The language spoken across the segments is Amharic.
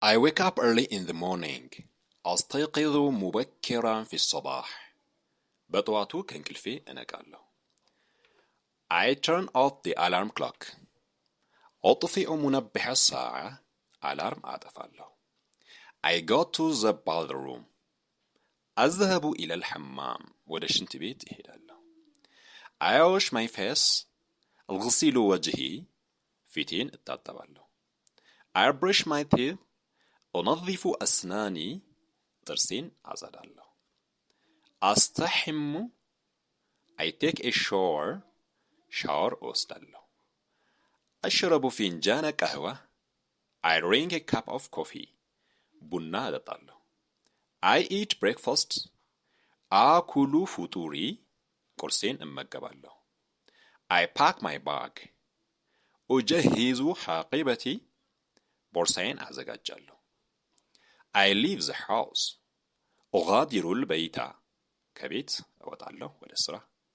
I wake up early in the morning. أستيقظ مبكرا في الصباح. بطواتو تو كان كلفي أنا قاله. I turn off the alarm clock. أطفئ منبه الساعة. alarm أتفعله. I go to the bathroom. أذهب إلى الحمام. ودشنت بيت إهلاله. I wash my face. أغسل وجهي. فيتين اتتبله. I brush my teeth. ኡነዚፉ አስናኒ ጥርሴን አጸዳለሁ። አስተሕሙ አይ ቴክ ኤ ሾወር ሻወር እወስዳለሁ። አሽረቡ ፊንጃነ ቀህዋ አይ ድሪንክ ኤ ካፕ ኦፍ ኮፊ ቡና እጠጣለሁ። አይ ኢት ብሬክፋስት አኩሉ ፉጡሪ ቁርሴን እመገባለሁ። አይ ፓክ ማይ ባግ ኡጀሂዙ ሓቂበቲ ቦርሳዬን አዘጋጃለሁ። I leave the house أغادر البيت ከቤት እወጣለሁ ወደ ስራ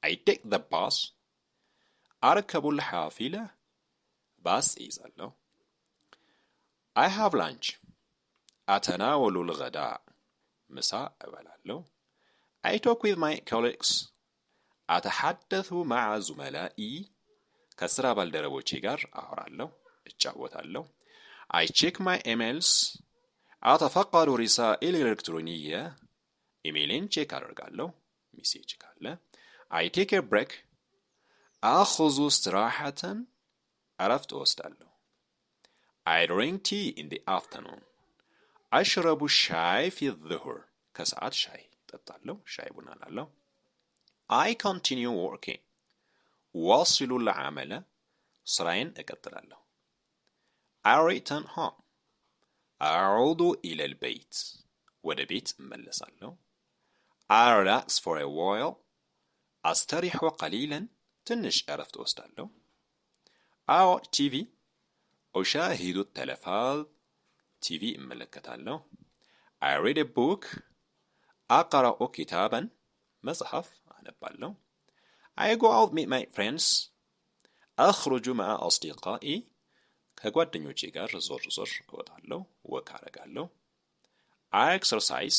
I take the bus أركب الحافلة ባስ እይዛለሁ I have lunch أتناول الغداء ምሳ እበላለሁ I talk with my colleagues አተሐደቱ መዓ ዙመላኢ ከስራ ባልደረቦቼ ጋር አወራለሁ እጫወታለሁ። አይ ቼክ ማይ ኢሜይልስ አተፈቀዱ ሪሳኤል ኤሌክትሮኒየ ኢሜይሌን ቼክ አደርጋለሁ። ሚሴጅ ካለ አይ ቴክ ኤ ብሬክ አኹዙ ስትራሐተን እረፍት እወስዳለሁ። አይ ድሪንክ ቲ ኢን ዲ አፍተርኑን አሽረቡ ሻይ ፊ ዝሁር ከሰዓት ሻይ ጠጣለሁ። ሻይ ቡና ላለሁ። አይ ኮንቲኒዩ ወርኪንግ ዋሲሉ ለዓመለ ስራዬን እቀጥላለሁ። አይ ሪተርን ሆም أعود إلى البيت ወደ ቤት እመለሳለሁ I'll relax for a while أستريح قليلا ትንሽ እረፍት ወስዳለሁ أwatch TV أشاهد التلفاز TV እመለከታለሁ I read a book أقرأ كتابا መጽሐፍ አነባለሁ I go out meet my friends أخرج مع أصدقائي ከጓደኞቼ ጋር ዞር ዞር እወጣለሁ፣ ወክ አረጋለሁ። አይ ኤክሰርሳይዝ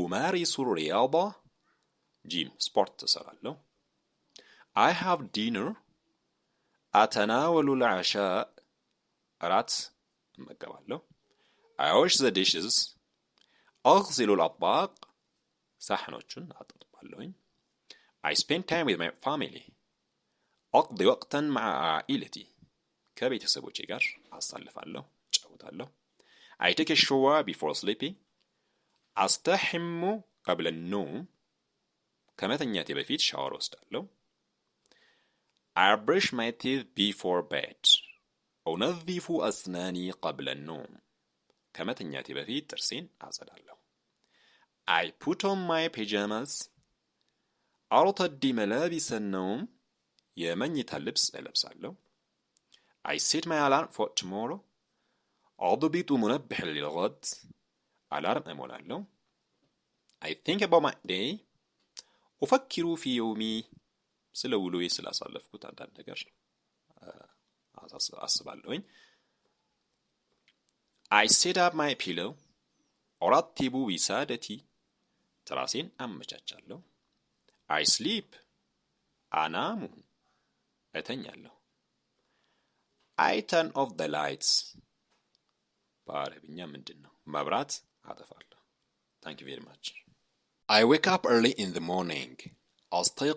ኡማሪሱ ሪያዳ ጂም ስፖርት እሰራለሁ። አይ ሃቭ ዲነር አተናወሉ ለዓሻ እራት እመገባለሁ። አይ ዋሽ ዘ ዲሽዝ አግሲሉ ልአጥባቅ ሳሕኖቹን አጠጥባለሁኝ። አይ ስፔንድ ታይም ዊዝ ማይ ፋሚሊ አቅዲ ወቅተን ማዓ ዓኢለቲ ከቤተሰቦቼ ጋር አሳልፋለሁ፣ ጫወታለሁ። አይ ቴክ ሾዋ ቢፎር ስሊፒ አስተሒሙ ቀብለ ኖም ከመተኛቴ በፊት ሻወር ወስዳለሁ። አይ ብረሽ ማይ ቲዝ ቢፎር ቤድ ኡነዚፉ አስናኒ ቀብለ ኖም ከመተኛቴ በፊት ጥርሴን አጸዳለሁ። አይ ፑት ኦን ማይ ፔጃማስ አርተዲ መላቢሰ ነውም የመኝታ ልብስ እለብሳለሁ። I set my alarm for tomorrow. عضو ቤቱ منبح للغد. አላርም እሞላለሁ። I think about my day. ኡፈኪሩ ፊ የውሚ ስለ ውሎዬ ስላሳለፍኩት አንዳንድ ነገር አስባለሁኝ። አይ ሴት አፕ ማይ ፒለው ኦራቲቡ ዊሳደቲ ትራሴን አመቻቻለሁ። አይ ስሊፕ አናሙ እተኛለሁ። አይ ተርን ኦፍ ዘ ላይትስ በአረብኛ ምንድን ነው? መብራት አጠፋለሁ። ታንክ ዩ ቬሪ ማች። አይ ዌክ አፕ ኤርሊ ኢን ዘ ሞርኒንግ አስታይቅ